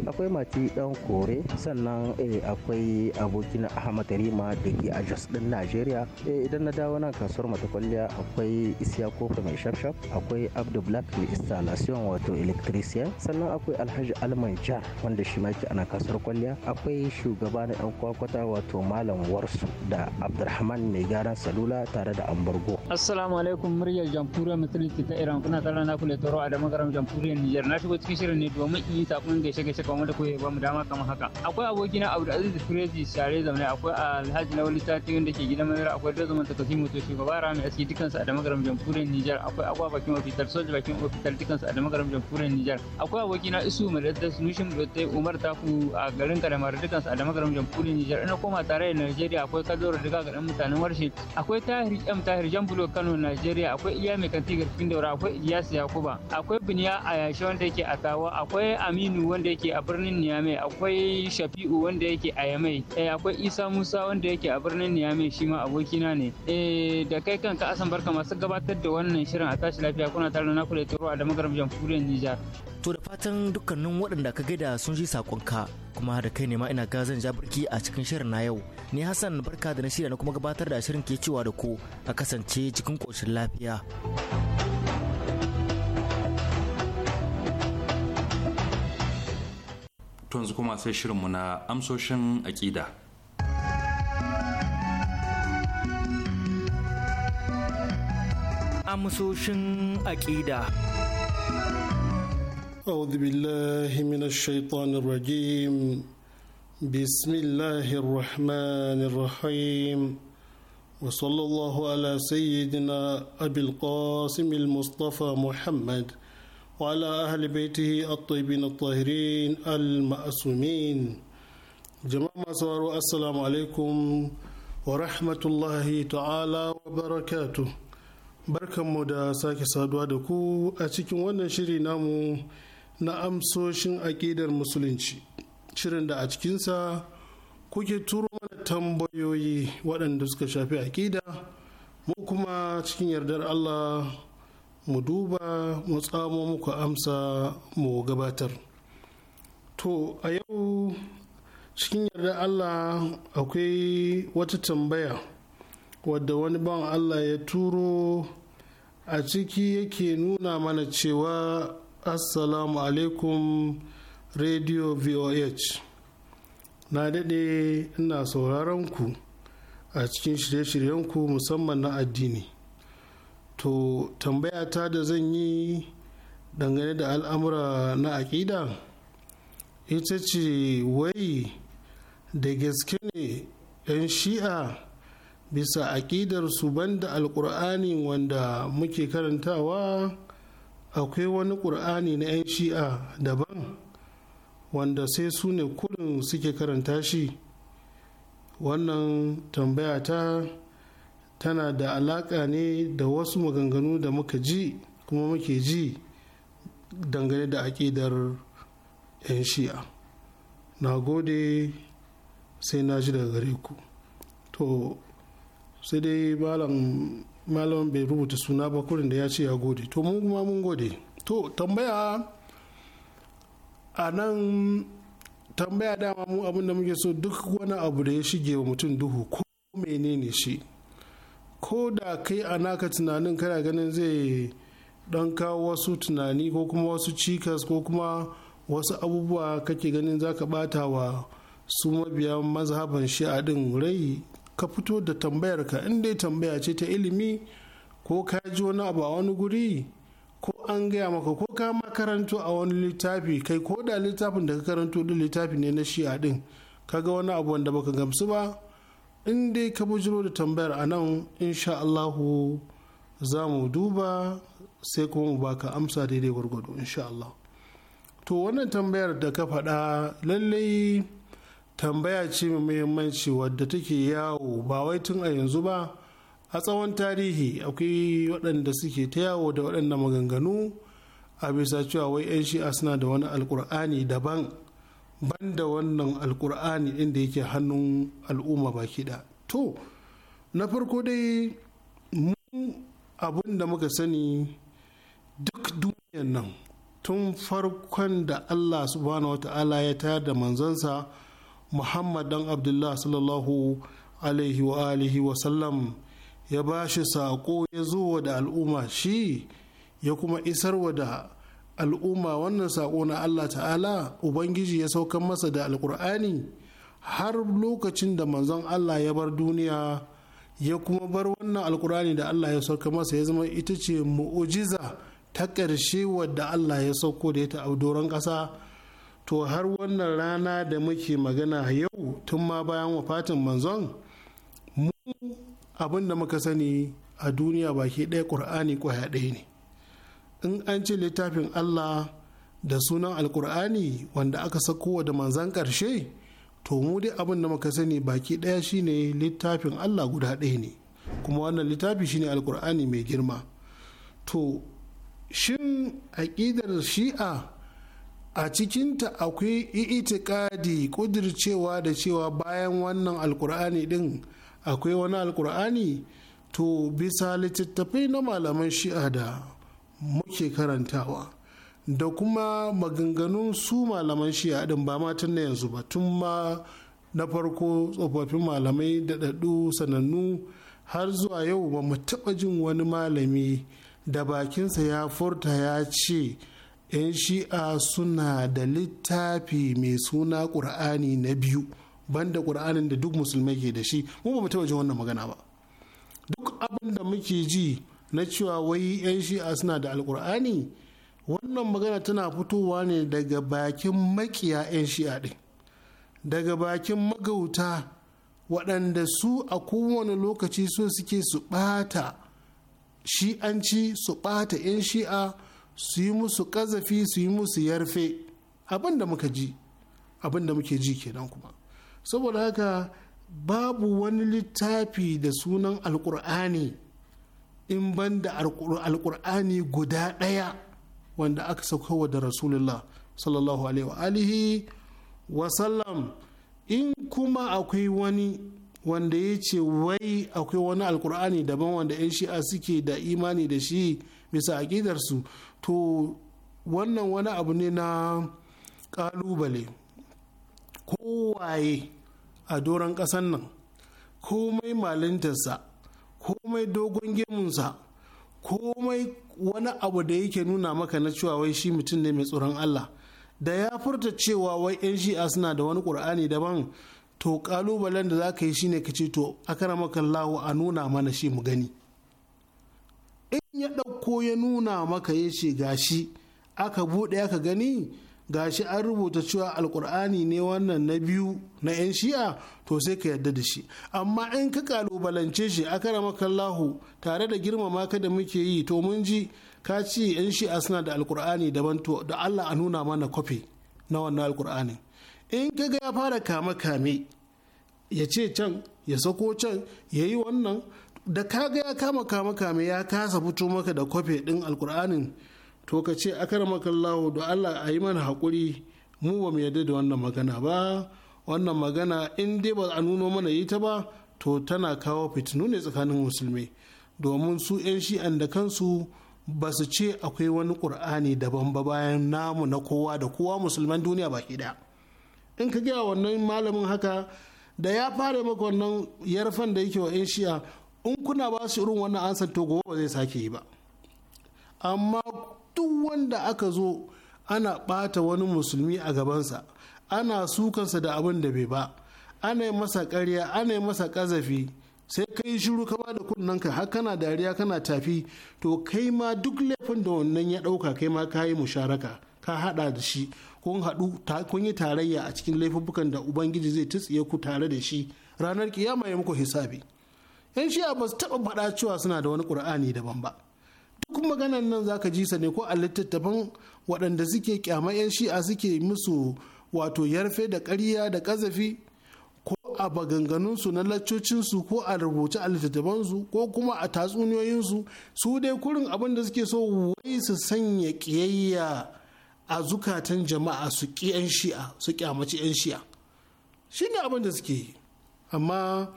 akwai Mati Dan Kore, sannan eh, akwai abokina Ahmad Rima da ke a Jos din Najeriya. Eh, idan na dawo nan kasuwar mata kwalliya akwai isya Kofa mai shafshaf, akwai Abdu Black mai installation wato electrician, sannan akwai Alhaji Al malamin jar wanda shi ma yake ana kasar kwalliya akwai shugaba na yan kwakwata wato malam warsu da abdulrahman mai gyara salula tare da ambargo assalamu alaikum muryar jamhuriyar musulunci ta iran kuna tare na kula tauro a da magaram jamhuriyar niger na shigo cikin shirin ne domin yi takunan gaishe gaishe kamar da kuke ba mu dama kamar haka akwai abokina aziz firezi share zamani akwai alhaji na wani tati wanda ke gidan madara akwai da zaman kafin mutu shugaba rami aski dukansu a da magaram jamhuriyar niger akwai agwa bakin ofitar soja bakin ofitar dukansu a da magaram jamhuriyar niger akwai na isu mai da sunushin blote umar taku a garin karamar dukkan su a damar jamhuriyar nijar ina koma tare da nigeria akwai kadoro daga ga dan mutanen warshe akwai tahir m tahir jan bulo kano nigeria akwai iya mai kanti garfin daura akwai ilyas yakuba akwai biniya a yashi wanda yake a tawa akwai aminu wanda yake a birnin niamey akwai shafi'u wanda yake a yamai eh, akwai isa musa wanda yake a birnin niamey shi ma abokina ne eh, da kai kanka asan barka masu gabatar da wannan shirin a tashi lafiya kuna tare da naku da turo a damar jamhuriyar nijar to da fatan dukkanin waɗanda ka gaida sun ji saƙonka kuma da kai ne ma ina gazan birki a cikin shirin na yau ni hassan barka da na shirya na kuma gabatar da shirin ke cewa da ku a kasance cikin koshin lafiya yanzu kuma sai shirinmu na amsoshin aƙida amsoshin aƙida أعوذ بالله من الشيطان الرجيم بسم الله الرحمن الرحيم وصلى الله على سيدنا أبي القاسم المصطفى محمد وعلى أهل بيته الطيبين الطاهرين المأسومين جماعة سوارو السلام عليكم ورحمة الله تعالى وبركاته barkanmu da sake saduwa da ku a cikin wannan shiri namu na amsoshin aƙidar musulunci shirin da a cikinsa kuke turo mana tambayoyi waɗanda suka shafi aƙida mu kuma cikin yardar allah mu duba mu tsamo muku amsa mu gabatar to a yau cikin yardar allah akwai wata tambaya wadda wani ban allah ya turo a ciki yake nuna mana cewa assalamu alaikum radio voh na daɗe ina sauraron ku a cikin shirye shiryen ku musamman na addini to tambaya ta da zan yi dangane da al'amura na aƙida ita ce wai da gaske ne 'yan shi'a bisa aƙidar su banda alƙur'ani wanda muke karantawa akwai wani ƙur'ani na 'yan shi'a daban wanda sai su ne kudin suke karanta shi wannan tambaya ta tana da alaƙa ne da wasu maganganu da muka ji kuma muke ji dangane da aƙidar 'yan shi'a na gode sai na ji daga gare ku to sai dai malam malamin bai rubuta suna ba kurin da ya ce ya gode to mun kuma mun gode to tambaya a nan tambaya dama mu abin da muke so duk wani abu da ya shige wa mutum duhu ko menene shi ko da kai a naka tunanin kana ganin zai dan kawo wasu tunani ko kuma wasu cikas ko kuma wasu abubuwa kake ganin zaka bata wa su mabiya mazhaban shi'a din rai ka fito da tambayar ka in dai tambaya ce ta ilimi ko ka ji wani abu a wani guri ko an gaya maka ko ka makarantu a wani littafi kai ko da littafin da ka karanto din littafi ne na shi'a din ga wani abu wanda baka gamsu ba in dai ka bujiro da tambayar a nan insha Allahu za mu duba sai kuma mu baka amsa daidai gwargwado insha Allah to wannan tambayar da ka faɗa lallai tambaya ce mai muhimmanci wadda take yawo ba wai tun a yanzu ba a tsawon tarihi akwai waɗanda suke ta yawo da waɗanda maganganu a bisa cewa wai 'yan shi'a suna da wani alkur'ani daban ban da wannan alkur'ani inda yake hannun al'umma baki da to na farko dai mu abun da muka sani duk duniyan nan tun farkon da allah subhanahu wa ta'ala ya tayar da manzansa muhammad dan Abdullahi sallallahu alaihi wa alihi wa sallam ya ba shi saƙo ya zowa da al'umma shi ya kuma isar wa da al'umma wannan sako na allah ta'ala ubangiji ya saukan masa da alƙur'ani har lokacin da manzon allah ya bar duniya ya kuma bar wannan alƙur'ani da allah ya sauka masa ya zama ita ce mu'ujiza ta ƙarshe wadda allah ya sauko da ya ta'audoran doron ƙasa to har wannan rana da muke magana yau tun ma bayan wafatin manzon mu abin da muka sani a duniya baki ɗaya ƙur'ani ƙwaya ɗaya ne in an ce littafin allah da sunan alƙur'ani wanda aka sakowa da manzan ƙarshe to mu dai abin da muka sani baki ɗaya shine littafin allah guda ɗaya ne kuma wannan littafi shine alƙur'ani mai girma to shin aƙidar shi'a a cikinta akwai itikadi kudircewa da cewa bayan wannan alkur'ani din akwai wani alkur'ani to bisa littattafai na malaman shi'a da muke karantawa da kuma maganganun su malaman shi'a din ba matan na yanzu ba tun ma na farko tsofaffin malamai da daɗu sanannu har zuwa yau ba mu taɓa jin wani malami da bakinsa ya furta ya ce 'yan shi'a suna da littafi mai suna ƙur'ani na biyu banda ƙur'anin da duk musulmai ke da shi mu ba mu taɓa jin wannan magana ba duk abin da muke ji na cewa wai 'yan shi'a suna da alƙur'ani wannan magana tana fitowa ne daga bakin makiya 'yan shi'a ɗin daga bakin magauta waɗanda su a kowane lokaci so suke su ɓata shi'anci su ɓata 'yan shi'a su yi musu ƙazafi, su yi musu yarfe abin da muka ji abin da muke ji kenan kuma saboda haka babu wani littafi da sunan alkur'ani in ban da alkur'ani guda ɗaya wanda aka saukowa da rasulullah sallallahu alaihi wa alihi wasallam in kuma akwai wani wanda ya ce wai akwai wani alkur'ani daban wanda 'yan shi'a suke da imani da shi bisa aƙidarsu to wannan wani abu ne na kalubale kowaye a doron ƙasan nan komai malintarsa komai dogon gemunsa komai wani abu da yake nuna maka na cewa wai shi mutum ne mai tsoron Allah da ya furta cewa wai 'yan shi'a suna da wani ƙur'ani daban to kalubalen da za ka yi shine ka ce to kana maka lahu a nuna mana shi mu gani ya ɗauko ya nuna maka ya ce gashi aka buɗe aka gani gashi an rubuta cewa alkur'ani ne wannan na biyu na 'yan shi'a to sai ka yadda da shi amma in ka kalubalance shi a kara makallahu tare da girmama ka da muke yi to mun ji ka ce 'yan shi'a suna da alkur'ani daban to da allah a nuna mana kwafi na wannan al'kur'ani in ka ga ya fara kame kame ya ce can ya sako can ya yi wannan da kaga ya kama kama kame ya kasa fito maka da kwafe din alkur'anin to ka ce a maka lahu da Allah a yi mana haƙuri mu ba mu yarda da wannan magana ba wannan magana in dai ba a nuno mana yi ta ba to tana kawo fitinu ne tsakanin musulmi domin su 'yan shi'an da kansu ba su ce akwai wani ƙur'ani daban ba bayan namu na kowa da kowa musulman duniya baki ɗaya in ka gaya wannan malamin haka da ya fara maka wannan yarfan da yake wa 'yan shi'a in kuna ba su irin wannan ansan to gobe ba zai sake yi ba amma duk wanda aka zo ana ɓata wani musulmi a gabansa ana sukansa da abin da bai ba ana yi masa karya ana yi masa ƙazafi sai ka yi shiru ka bada kunnanka har kana dariya kana tafi to kai ma duk laifin da wannan ya ɗauka kai ma ka yi musharaka ka haɗa da shi kun haɗu kun yi tarayya a cikin laifukan da ubangiji zai tsiye ku tare da shi ranar kiyama ya muku hisabi yan shi'a ba su taɓa faɗa cewa suna da wani ƙur'ani daban ba duk maganan nan zaka ji sa ne ko a littattafan waɗanda suke kyama yan shi'a suke musu wato yarfe da ƙarya da ƙazafi ko a baganganunsu na laccocinsu ko a rubuce a littattafansu ko kuma a tatsuniyoyinsu su dai kurin abin da suke so wai su sanya ƙiyayya a zukatan jama'a su ƙi 'yan shi'a su kyamaci 'yan shi'a shine abin da suke yi amma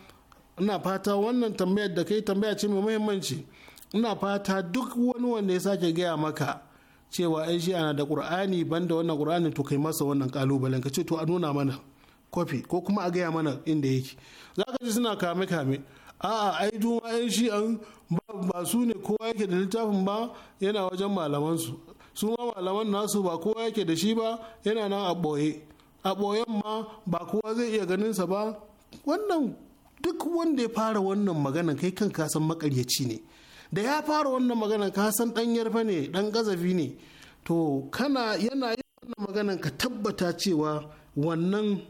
ina fata wannan tambayar da kai tambaya ce mai muhimmanci ina fata duk wani wanda ya sake gaya maka cewa ai shi ana da qur'ani banda wannan qur'ani to kai masa wannan kalubalen ka ce to a nuna mana kofi ko kuma a gaya mana inda yake zaka ji suna kame kame a'a ai duma ai shi an ba su ne kowa yake da littafin ba yana wajen malaman su su ma malaman nasu ba kowa yake da shi ba yana nan a boye a boyen ma ba kowa zai iya ganin sa ba wannan duk wanda ya fara wannan magana kai kan kasan makaryaci ne da ya fara wannan magana kasan dan yarfa ne dan gazafi ne to kana yana yin wannan maganan ka tabbata cewa wannan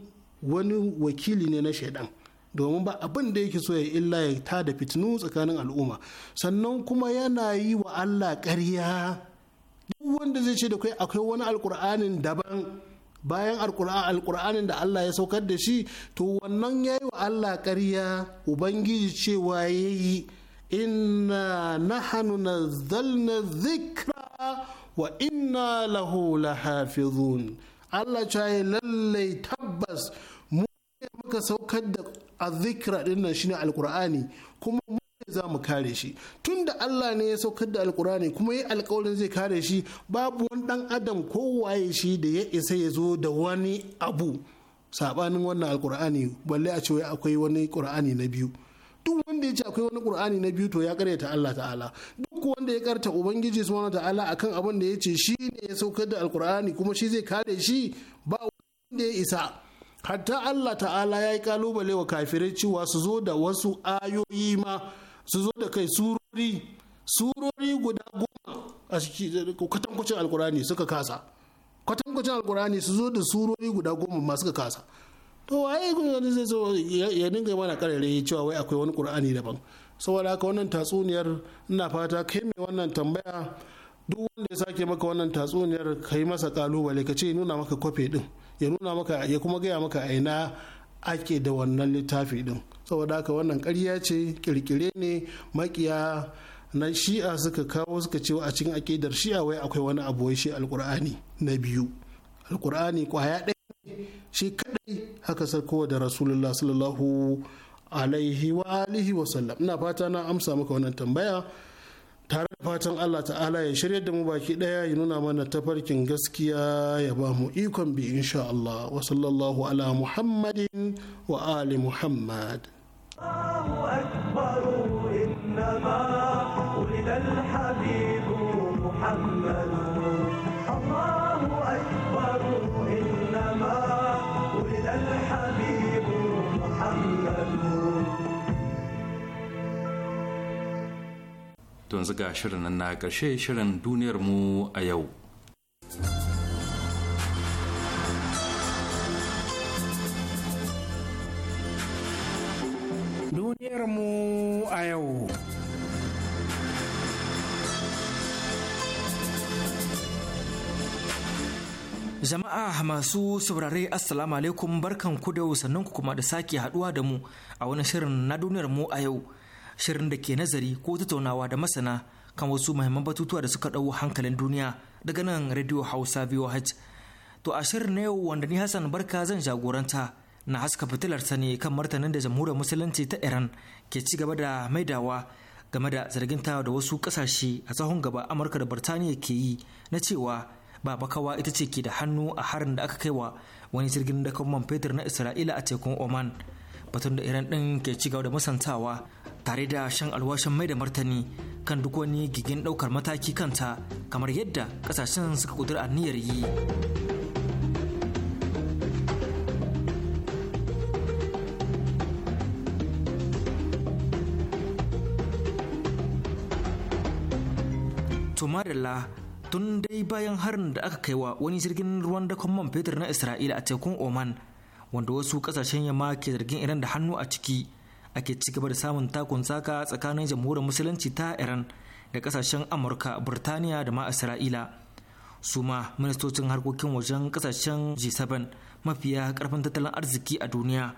wani wakili ne na shaidan domin ba abin da yake so ya illa ya ta da fitinu tsakanin al'umma sannan kuma yana yi wa Allah ƙarya duk wanda zai ce da kai akwai wani alkur'anin daban bayan alkur'anin da Allah ya saukar da shi to wannan ya yi wa Allah ƙarya ubangiji cewa ya yi inna na zalna zikra wa inna lahu lahafizun Allah ya lallai tabbas mu muka saukar da zikra dinnan shine alkur'ani kuma mu za mu kare shi tunda Allah ne ya saukar da alkurani kuma ya alkawarin zai kare shi babu wani dan adam waye shi da ya isa ya zo da wani abu sabanin wannan alkur'ani balle a cewa akwai wani qur'ani na biyu duk wanda ya ce akwai wani qur'ani na biyu to ya karyata Allah ta'ala duk wanda ya karta ubangiji subhanahu ta'ala akan abin da ya ce shi ne ya saukar da alkur'ani kuma shi zai kare shi ba wanda ya isa hatta Allah ta'ala ya yi kalubale wa kafirai cewa su zo da wasu ayoyi ma su zo da kai surori surori guda goma a kwatankwacin alkurani suka kasa kwatankwacin alkurani su zo da surori guda goma ma suka kasa to waye zai zo ya dinga mana karare cewa wai akwai wani kurani daban saboda haka wannan tatsuniyar ina fata kai mai wannan tambaya duk wanda ya sake maka wannan tatsuniyar kai masa kalubale ka ce nuna maka kwafe din ya nuna maka ya kuma gaya maka a ina ake da wannan littafi din saboda haka wannan ƙarya ce kirkire ne makiya na shi'a suka kawo suka cewa a cikin akidar shi'a wai akwai wani abu wai shi alkur'ani na biyu alkur'ani kwaya ɗaya ne shi kaɗai haka sarko da rasulullah sallallahu alaihi wa alihi wa sallam ina fata na amsa maka wannan tambaya tare da fatan Allah ta'ala ya shirya da mu baki daya ya nuna mana tafarkin gaskiya ya ba mu ikon bi insha Allah wa sallallahu ala muhammadin wa ali muhammad Allahu akbar don ziga shirin nan na ƙarshe shirin duniyar mu a yau. Duniyar mu a yau. Jama'a masu saurare Assalamu alaikum barkan ku da sannan ku kuma da sake haduwa da mu a wani shirin na duniyar mu a yau. shirin da ke nazari ko tattaunawa da masana kan wasu mahimman batutuwa da suka ɗau hankalin duniya daga nan radio hausa voh to a shirin na yau wanda ni hassan barka zan jagoranta na haska fitilar ta ne kan martanin da jamhuriyar musulunci ta iran ke ci gaba da maidawa game da zargin ta da wasu kasashe a tsahon gaba amurka da birtaniya ke yi na cewa ba bakawa ita ce ke da hannu a harin da aka kai wa wani jirgin da man fetur na isra'ila a tekun oman batun da iran din ke cigaba da musantawa tare da shan alwashin mai da martani kan duk wani gigin ɗaukar mataki kanta kamar yadda ƙasashen suka kudura aniyar yi. Tumarilla tun dai bayan harin da aka kaiwa wani jirgin ruwan dakon man fetur na Isra'ila a tekun Oman wanda wasu ƙasashen yamma ke zargin Iran da hannu a ciki. ake ci gaba da samun takun tsaka tsakanin jamhuriyar musulunci ta iran da kasashen amurka burtaniya da ma isra'ila su ma ministocin harkokin wajen kasashen g7 mafiya karfin tattalin arziki a duniya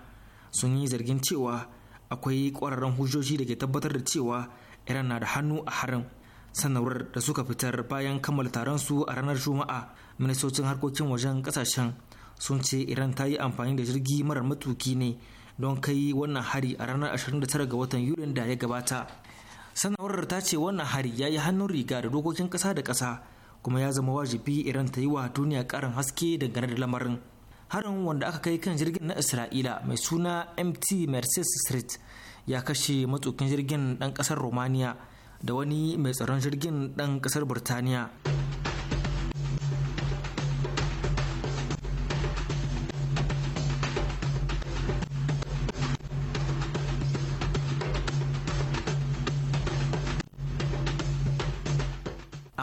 sun yi zargin cewa akwai kwararren hujjoji da ke tabbatar da cewa iran na da hannu a harin sanarwar da suka fitar bayan kammala taron su a ranar juma'a ministocin harkokin wajen kasashen sun ce iran ta yi amfani da jirgi marar matuki ne don kai wannan hari a ranar 29 ga watan yulin da ya gabata sanarwar ta ce wannan hari ya yi hannun riga da dokokin kasa da kasa. kuma ya zama wajibi iran ta yi wa duniya karin haske dangane da lamarin harin wanda aka kai kan jirgin na isra'ila mai suna mt mercedes street ya kashe matsukin jirgin dan kasar romania da wani mai tsaron jirgin dan kasar burtaniya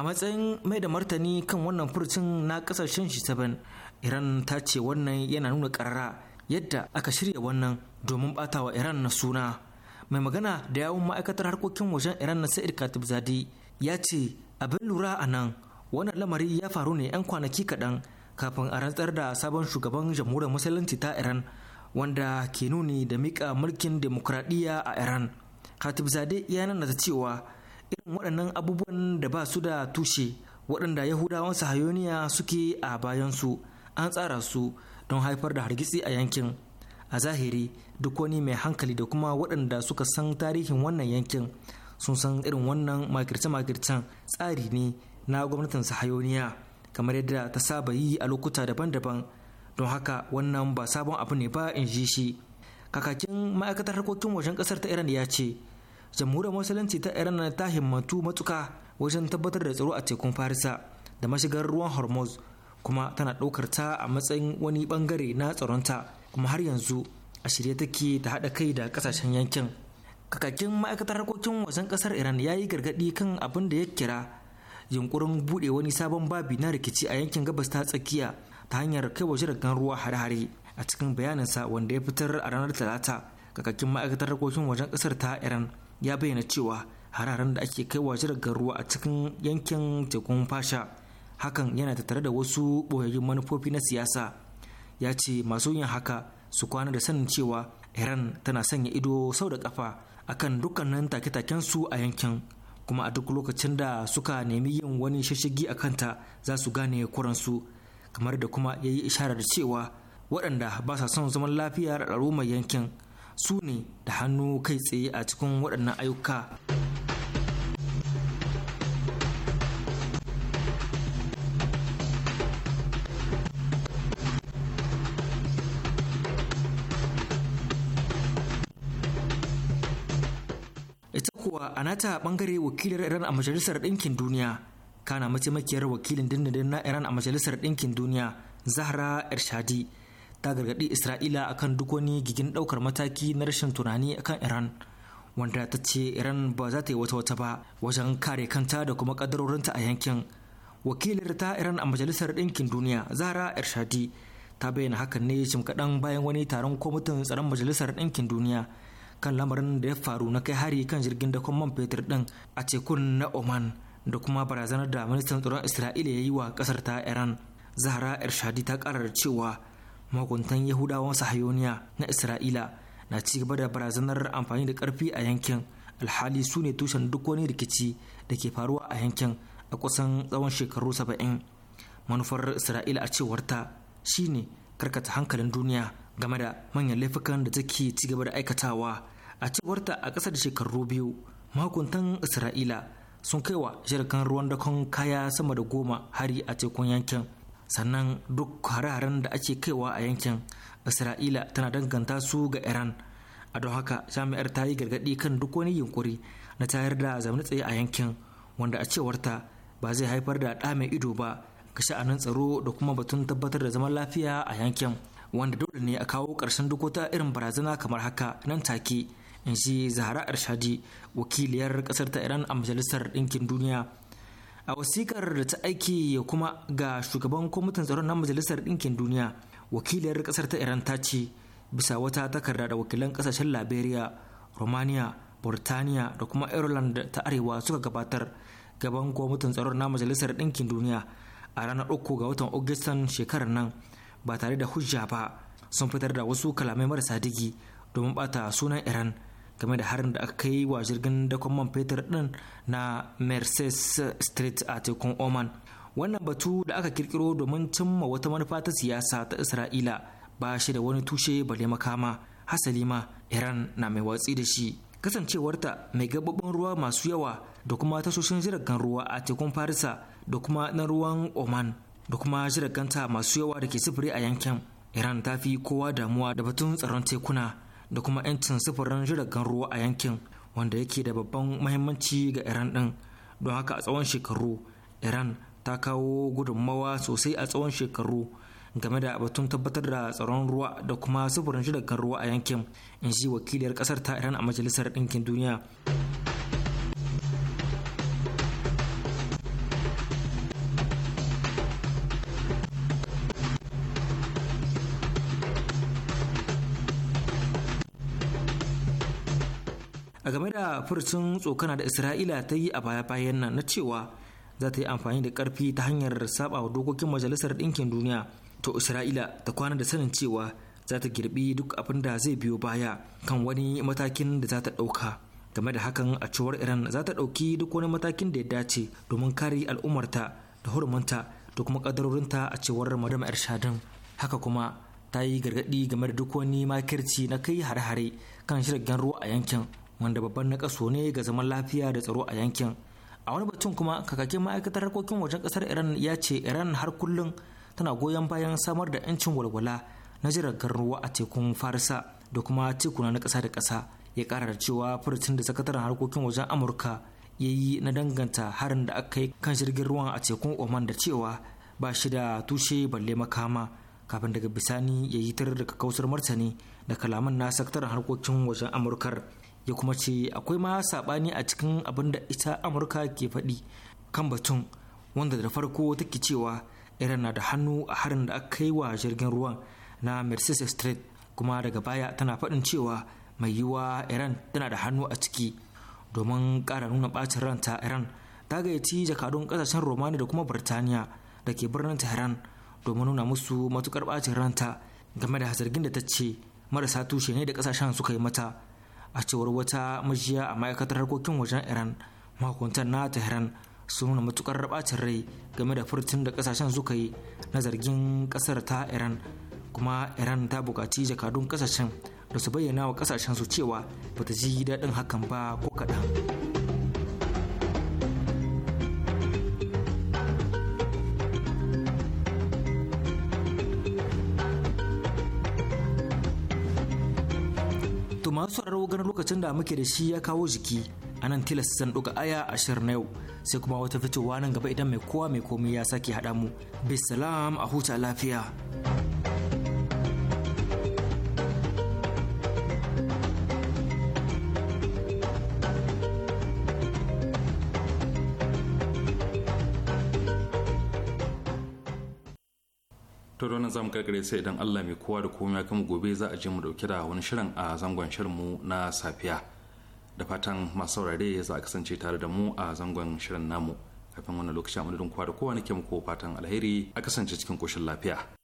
matsayin mai da martani kan wannan furcin na kasashen shi saban iran ta ce wannan yana nuna karara yadda aka shirya wannan domin batawa iran na suna mai magana da yawun ma'aikatar harkokin wajen iran na sa'id katib zadi ya ce abin lura a nan wannan lamari ya faru ne 'yan kwanaki kaɗan kafin a rantsar da sabon shugaban jamhuriyar musulunci ta iran wanda ke nuni da mika mulkin demokradiyya a iran katib zade ya nanata cewa irin waɗannan abubuwan da ba su da tushe waɗanda yahudawan sahayoniya suke a bayansu an tsara su don haifar da hargitsi a yankin a zahiri duk wani mai hankali da kuma waɗanda suka san tarihin wannan yankin sun san irin wannan makirce-makircen tsari ne na gwamnatin sahayoniya kamar yadda ta saba yi a lokuta daban-daban don haka wannan ba sabon abu ne ba in ji shi kakakin ma'aikatar harkokin wajen ƙasar ta iran ya ce jamhuriyar musulunci ta iran ta himmatu matuka wajen tabbatar da tsaro a tekun farisa da mashigar ruwan hormuz kuma tana ɗaukar ta a matsayin wani bangare na tsaronta kuma har yanzu a shirye take ta haɗa kai da kasashen yankin kakakin ma'aikatar harkokin wajen kasar iran ya yi gargaɗi kan abin da ya kira yunkurin buɗe wani sabon babi na rikici a yankin gabas ta tsakiya ta hanyar kai wa jiragen ruwa hare-hare a cikin bayaninsa wanda ya fitar a ranar talata kakakin ma'aikatar harkokin wajen kasar ta iran ya bayyana cewa hararen da ake kaiwa jirgin ruwa a cikin yankin tekun fasha hakan yana tattare da wasu ɓoyayyun manufofi na siyasa ya ce masu yin haka su kwana da sanin cewa iran tana sanya ido sau da kafa akan dukkanin take-taken su a yankin kuma a duk lokacin da suka nemi yin wani shishigi a kanta za su gane kuransu kamar da kuma ya yi isharar cewa waɗanda ba sa son zaman lafiya a yankin su ne da hannu kai tsaye a cikin waɗannan ayyuka ita kuwa a nata ɓangare wakilar iran a majalisar ɗinkin duniya kana mataimakiyar wakilin dindindin na iran a majalisar ɗinkin duniya zahra irshadi ta gargaɗi isra'ila akan duk wani gigin ɗaukar mataki na rashin tunani akan iran wanda ta ce iran ba za ta yi wata wata ba wajen kare kanta da kuma ƙadarorinta a yankin wakilar ta iran a majalisar ɗinkin duniya zahra irshadi ta bayyana hakan ne jim kaɗan bayan wani taron kwamitin tsaron majalisar ɗinkin duniya kan lamarin da ya faru na kai hari kan jirgin da man fetur ɗin a tekun na oman da kuma barazanar da ministan tsaron isra'ila ya yi wa ƙasar ta iran zahra irshadi ta ƙarar cewa mahukuntan yahudawan sahayoniya na isra'ila na ci gaba da barazanar amfani da karfi a yankin alhali su ne tushen duk wani rikici da ke faruwa a yankin a kusan tsawon shekaru saba'in manufar isra'ila a cewarta shine karkata hankalin duniya game da manyan laifukan da take ci gaba da aikatawa a cewarta a ƙasa da shekaru biyu mahukuntan isra'ila sun kaiwa jirgin ruwan dakon kaya sama da goma hari a tekun yankin sannan duk hare-haren da ake kaiwa a yankin isra'ila tana danganta su ga iran a don haka jami'ar ta yi gargadi kan duk wani yunkuri na tayar da zaune tsaye a yankin wanda a cewarta ba zai haifar da ɗa mai ido ba ga sha'anin tsaro da kuma batun tabbatar da zaman lafiya a yankin wanda dole ne a kawo ƙarshen duk wata irin barazana kamar haka nan take in ji zahara arshadi wakiliyar ƙasar ta iran a majalisar ɗinkin duniya a wasikar da ta aiki kuma ga shugaban kwamitin tsaron na majalisar ɗinkin duniya wakiliyar ƙasar ta iran ta ce bisa wata takarda da wakilan ƙasashen liberia romania burtaniya da kuma ireland ta arewa suka gabatar gaban kwamitin tsaron na majalisar ɗinkin duniya a ranar uku ga watan agustan shekarar nan ba tare da hujja ba sun fitar da wasu kalamai marasa digi domin bata sunan iran game da harin da aka kai wa jirgin dakon man fetur din na mercedes street a tekun oman wannan batu da aka kirkiro domin cimma wata manufa ta siyasa ta isra'ila ba shi da wani tushe bale makama hasali ma iran na mai watsi da shi kasancewarta mai gababban ruwa masu yawa da kuma tashoshin jiragen ruwa a tekun farisa da kuma na ruwan oman da kuma jiraganta masu yawa da ke sufuri a yankin iran ta fi kowa damuwa da batun tsaron tekuna da kuma 'yancin sufurin jiragen ruwa a yankin wanda yake da babban mahimmanci ga iran din don haka a tsawon shekaru iran ta kawo gudunmawa sosai a tsawon shekaru game da batun tabbatar da tsaron ruwa da kuma sufurin jiragen ruwa a yankin in ji wakiliyar kasar ta iran a majalisar ɗinkin duniya da furcin tsokana da isra'ila ta yi a baya-bayan nan na cewa za ta yi amfani da karfi ta hanyar saba wa dokokin majalisar ɗinkin duniya to isra'ila ta kwana da sanin cewa za ta girbi duk abin da zai biyo baya kan wani matakin da za ta ɗauka game da hakan a cewar iran za ta ɗauki duk wani matakin da ya dace domin kare al'ummarta da hurumanta da kuma ƙadarorinta a cewar madam shadin haka kuma ta yi gargaɗi game da duk wani makirci na kai hare-hare kan shirgen ruwa a yankin wanda babban nakaso ne ga zaman lafiya da tsaro a yankin a wani batun kuma kakakin ma'aikatar harkokin wajen kasar iran ya ce iran har kullum tana goyon bayan samar da 'yancin walwala na jiragen ruwa a tekun farisa da kuma tekuna na kasa da kasa ya kara da cewa furucin da sakataren harkokin wajen amurka ya yi na danganta harin da aka yi kan jirgin ruwan a tekun oman da cewa ba shi da tushe balle makama kafin daga bisani ya yi tarar da kakausar martani da kalaman na sakataren harkokin wajen amurkar ya kuma ce akwai ma saɓani a cikin abin da ita amurka ke faɗi kan batun wanda da farko take cewa iran na da hannu a harin da aka kai wa jirgin ruwan na mercedes street kuma daga baya tana faɗin cewa mai yiwa iran tana da hannu a ciki domin ƙara nuna ɓacin ranta iran ta gayyaci jakadun ƙasashen romania da kuma birtaniya da ke birnin tehran domin nuna musu matuƙar ɓacin ranta game da zargin da ta ce marasa tushe ne da ƙasashen suka yi mata a cewar wata majiya a ma'aikatar harkokin wajen iran mahukuntan na tehran sun nuna matukar bacin rai game da furtun da kasashen suka yi na zargin kasar ta iran kuma iran ta bukaci jakadun kasashen da su bayyana wa kasashen su cewa ba ta ji daɗin hakan ba ko kaɗan. lokacin da muke da shi ya kawo jiki a nan tilas zan ɗuga aya ashirin na yau sai kuma wata fitowa nan gaba idan mai kowa mai komai ya sake haɗa mu bisalam a huta lafiya nan mu karkare sai idan Allah mai kowa da komai kuma gobe za a je mu dauke da wani shirin a zangon shirin mu na safiya da fatan masu saurare za a kasance tare da mu a zangon shirin namu kafin wannan lokaci a madadin kowa da kowa nake muku fatan alheri a kasance cikin koshin lafiya